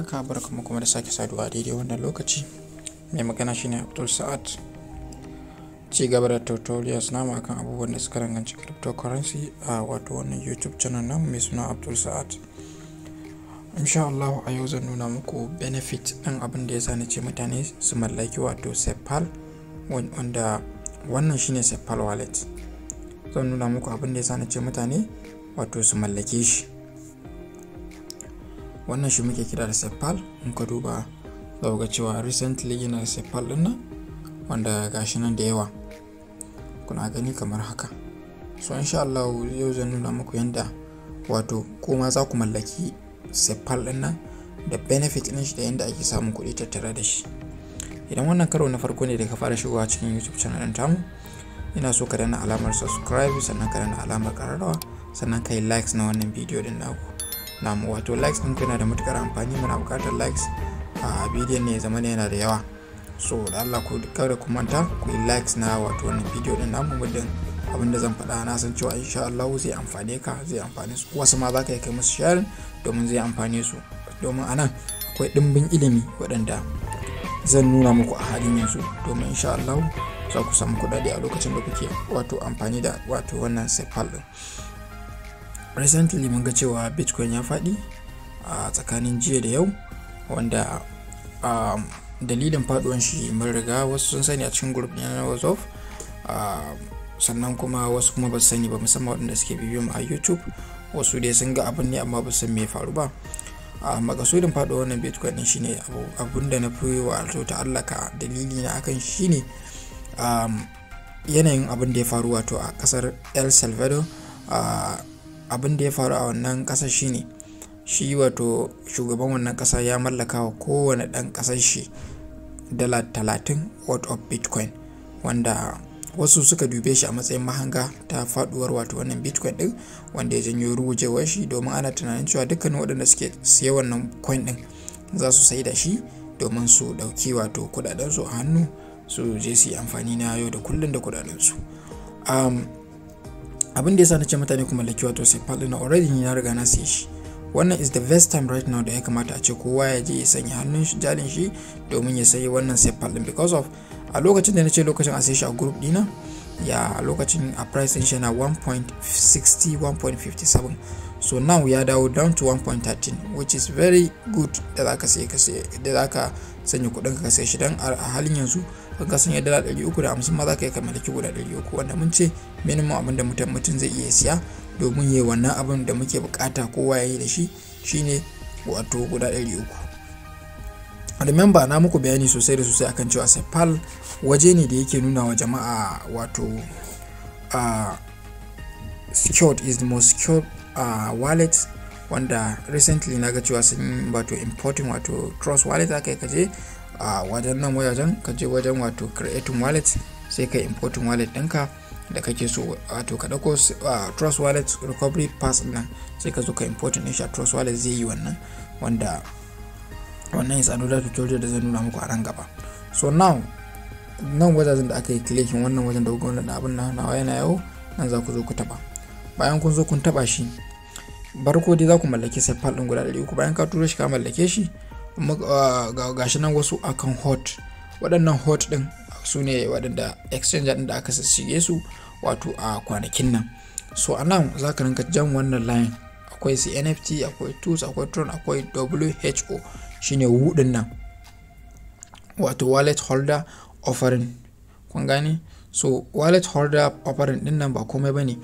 haka barkamu kuma da sake saduwa daidai wannan lokaci mai magana shine abdul sa'ad ci gaba da tutorials namu akan abubuwan da suka danganci cryptocurrency a wato wannan youtube channel namu mai suna abdul sa'ad insha Allah a yau zan nuna muku benefit ɗin abin da ya sa ce mutane su mallaki wato sepal wanda wannan shine sepal wallet zan nuna muku abin da ya sa ce mutane wato su mallake shi wannan shi muke kira da sepal in ka duba za ga cewa recently yana da sepal din nan wanda gashi nan da yawa kuna gani kamar haka so insha Allah yau zan nuna muku yanda wato kuma za ku mallaki sepal din nan da benefit din shi da yanda ake samun kuɗi tattare da shi idan wannan karo na farko ne da ka fara shigowa cikin youtube channel din tamu ina so ka dana alamar subscribe sannan ka dana alamar kararrawa sannan ka yi likes na wannan bidiyo din naku namu wato likes ɗin yana da matukar amfani muna bukatar likes a bidiyon ne zama yana da yawa so da Allah ku kada ku manta ku yi likes na wato wannan bidiyo din namu muddin abinda zan faɗa na san cewa insha Allah zai amfane ka zai amfane su wasu ma za ka kai musu sharing domin zai amfane su domin anan akwai ɗimbin ilimi waɗanda zan nuna muku a halin yanzu domin insha Allah za ku samu kuɗaɗe a lokacin da kuke wato amfani da wato wannan sefal ɗin. recently mun ga cewa bitcoin ya fadi a tsakanin jiya da yau wanda um, dalilin faduwan shi mun riga wasu sun sani a cikin group na whatsapp um, sannan kuma wasu kuma ba su sani ba musamman waɗanda suke bibiyo mu a youtube wasu dai sun ga abin ne amma ba san me faru ba a um, makasudin faɗo wannan bitcoin din shine abun da na fi wa alto ta allaka dalili na akan shine yanayin abin da ya faru wato a kasar el salvador uh, abin da ya faru a wannan ƙasa shine shi wato shugaban wannan ƙasa ya mallaka wa kowane ɗan ƙasar shi dala talatin worth of bitcoin wanda wasu suka dube shi a matsayin mahanga ta faduwar wato wannan bitcoin din wanda ya janyo rugujewar shi domin ana tunanin cewa dukkanin waɗanda suke siya wannan coin din za su sai da shi domin su ɗauki wato kuɗaɗensu a hannu su je su yi amfani na yau da kullum da kuɗaɗensu abin da yasa na ce mutane kuma laki wato faɗi na already ni na riga na siye shi wannan is the best time right now da ya kamata a ce kowa ya je ya sanya hannun jalin shi domin ya sayi wannan sai faɗin because of a lokacin da na ce lokacin a siye shi a group dina. ya lokacin a price din shi yana 1.60 1.57 so now ya dawo down to 1.13 which is very good da zaka sai ka sai da ka sanya kudin ka sai shi dan a halin yanzu ka sanya dala 350 ma zaka yi ka mallaki guda 300 wanda mun ce minimum abin da mutum mutum zai iya siya domin yi wannan abin da muke bukata kowa ya yi da shi shine wato guda 300 remember na muku bayani sosai da sosai akan cewa sepal waje ne da yake nuna wa jama'a wato uh, secured is the most secured uh, wallet wanda recently na ga cewa sun wato importing wato trust wallet aka yi kaje a wajen nan wajen kaje wajen wato creating wallet sai ka importing wallet ɗinka da kake so wato ka ɗauko trust wallet recovery pass nan sai ka zo ka importing ne shi a trust wallet zai yi wannan wanda wannan is another tutorial da zai nuna muku a nan gaba so now nan wajajen da aka yi klikin wannan wajen da da abin na nawa yana yau nan za ku zo ku taba bayan kun zo kun taba shi barko dai za ku mallaki sai fal din guda 300 bayan ka turo shi ka mallake shi ah, ga gashi nan wasu akan hot waɗannan hot din su ne waɗanda exchanger din da aka shige su wato a kwanakin nan so a nan za ka rinka jan wannan line akwai su nft akwai tools akwai tron akwai who shine wudin nan wato wallet holder offering kun gane so wallet holder offering din nan ba komai bane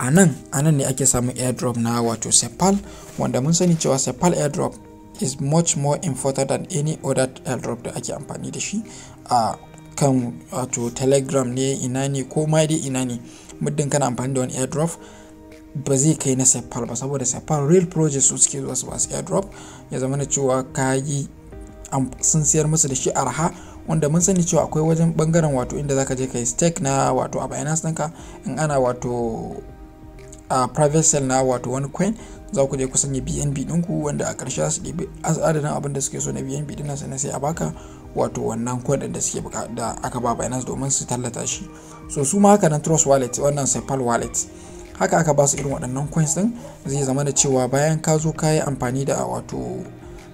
a nan a nan ne ake samun airdrop na wato sepal wanda mun sani cewa sepal airdrop is much more important than any other airdrop da ake amfani da shi a kan wato telegram ne ina ne ko ma dai ina ne muddin kana amfani da wani airdrop ba zai kai na sepal ba saboda sepal real project su suke zuwa su su airdrop ya zama na cewa ka yi sun siyar musu da shi arha wanda mun sani cewa akwai wajen bangaren wato inda zaka je kai stake na wato a Binance ɗinka in ana wato a private sale na wato wani coin za ku je ku sanya BNB ɗinku wanda a ƙarshe su ɗebi adadin abin da suke so na BNB ɗin nan sai a baka wato wannan coin da suke da aka ba Binance domin su tallata shi so su ma haka nan Trust Wallet wannan Sepal Wallet haka aka ba su irin waɗannan coins ɗin zai zama da cewa bayan ka zo ka yi amfani da wato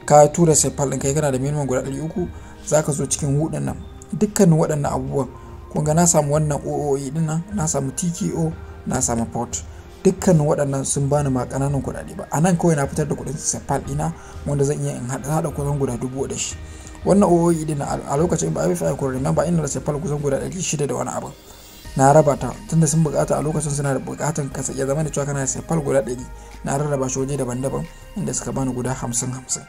ka tura Sepal ɗin kai kana da minimum guda uku. za ka zo cikin hudun dukkanin waɗannan abubuwan kun ga na samu wannan ooe din nan na samu tko na samu port dukkanin waɗannan sun bani ma kananan kuɗaɗe ba a nan kawai na fitar da kuɗin sepal ɗina wanda zan iya in hada kusan guda dubu da shi wannan ooe din a lokacin ba a fi ko remember ina da sefal kusan guda ɗari shida da wani abu na raba ta tunda sun bukata a lokacin suna da bukatan kasa ya zama da cewa kana sepal guda ɗari na rarraba shi waje daban-daban inda suka bani guda hamsin hamsin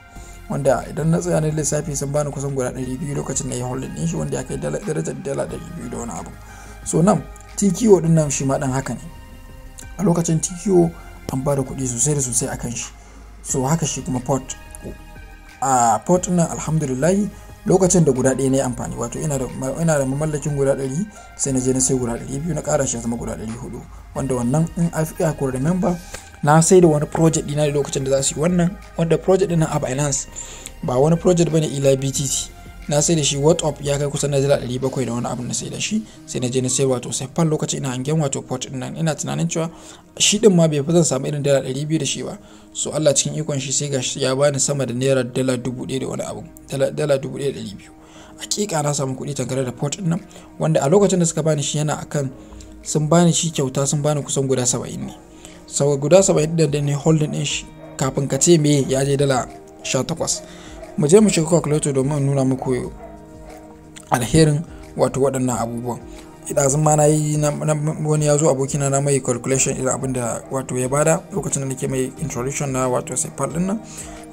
wanda idan na tsaya na lissafi sun bani kusan guda 200 lokacin da yi holding din shi wanda ya kai darajar dala 200 da wani abu so nan tko din nan shi ma dan haka ne a lokacin tko an ba da kuɗi sosai da sosai a kan shi so haka shi kuma port a port nan alhamdulillahi lokacin da guda ɗaya na yi amfani wato ina da mamallakin guda ɗari sai na je na sai guda ɗari biyu na ƙara shi ya zama guda ɗari hudu wanda wannan in a afi da memba na sai da wani project dina da lokacin da za su yi wannan wanda project dina a binance ba wani project bane ila btc na sai da shi whatsapp ya kai kusan naira 700 da wani abu na sai da shi sai na je na sai wato sai fan lokacin ina hangen wato port din nan ina tunanin cewa shi din ma bai fi zan samu irin dala 200 da shi ba so Allah cikin ikon shi sai gashi ya bani sama da naira dala da wani abu dala hakika na samu kuɗi tangare da port din nan wanda a lokacin da suka bani shi yana akan sun bani shi kyauta sun bani kusan guda saba'in ne sau guda 70 ne holding din shi kafin ka ce me ya je dala 18 mu je mu shiga calculator domin nuna muku alherin wato waɗannan abubuwan idan ma na yi wani ya zo abokina na mai calculation irin abin da wato ya bada lokacin da nake mai introduction na wato sai fal nan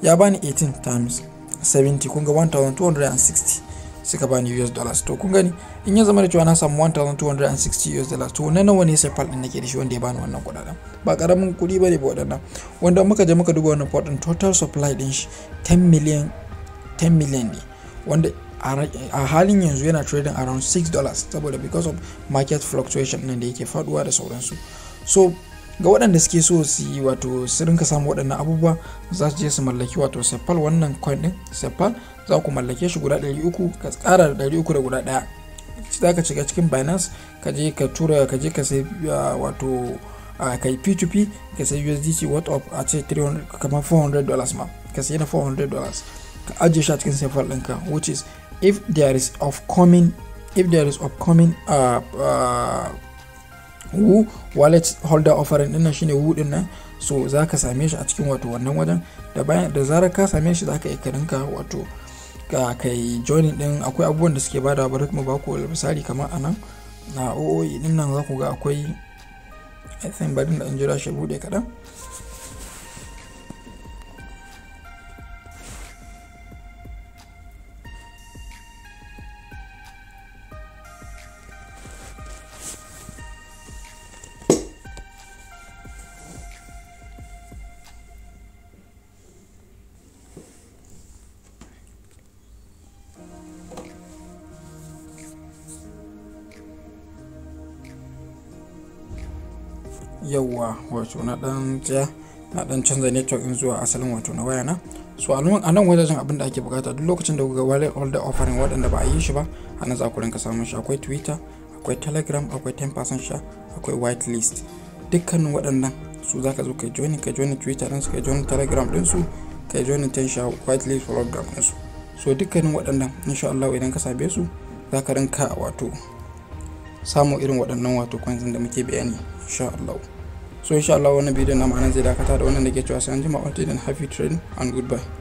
ya bani 18 times 70 kun ga 1260 suka bani US dollars to kun gani in ya zama da cewa na samu 1260 US dollars to wannan nawa ne sai pal din nake da shi wanda ya bani wannan kudaden ba karamin kudi bane ba wadannan wanda muka je muka duba wannan port din total supply din shi 10 million 10 million ne wanda a halin yanzu yana trading around 6 dollars saboda because of market fluctuation din da yake faduwa da sauransu so ga waɗanda suke so su yi wato su rinka samu waɗannan abubuwa za su je su mallaki wato sepal wannan coin ɗin sepal za ku mallake shi guda 300 ka tsara da 300 da guda ɗaya za ka shiga cikin binance ka je ka tura ka je ka sai wato kai p2p ka sai usdc what up a ce 300 kamar 400 dollars ma ka sai na 400 dollars ka ajiye shi a cikin sepal ɗinka which is if there is of if there is upcoming uh, uh, wu wallet holder offering dinnan shine wu dinnan so zaka same shi a cikin wato wannan wajen da bayan da zarar ka same shi zaka ka iya wato ka kai joining din akwai abubuwan da suke bada bari kuma ba misali kamar anan na OOE dinnan za ku ga akwai I think bari da an jira shi bude kaɗan yauwa wato na dan tsaya na dan canza network in zuwa asalin wato na waya na so a nan wajajen abin da ake bukata duk lokacin da kuka wallet the offering waɗanda ba a yi shi ba a nan za ku rinka samun shi akwai twitter akwai telegram akwai 10% sha akwai whitelist dukkanin waɗannan su za ka zo ka join ka join twitter su ka join telegram din su ka join ten sha whitelist program din su so dukkanin waɗannan insha Allah idan ka same su za ka rinka wato samun irin waɗannan wato coins da muke bayani insha Allah so insha Allah wannan bidiyon na ma'ana zai dakata da wannan da ke cewa sai an jima all day and happy trading and goodbye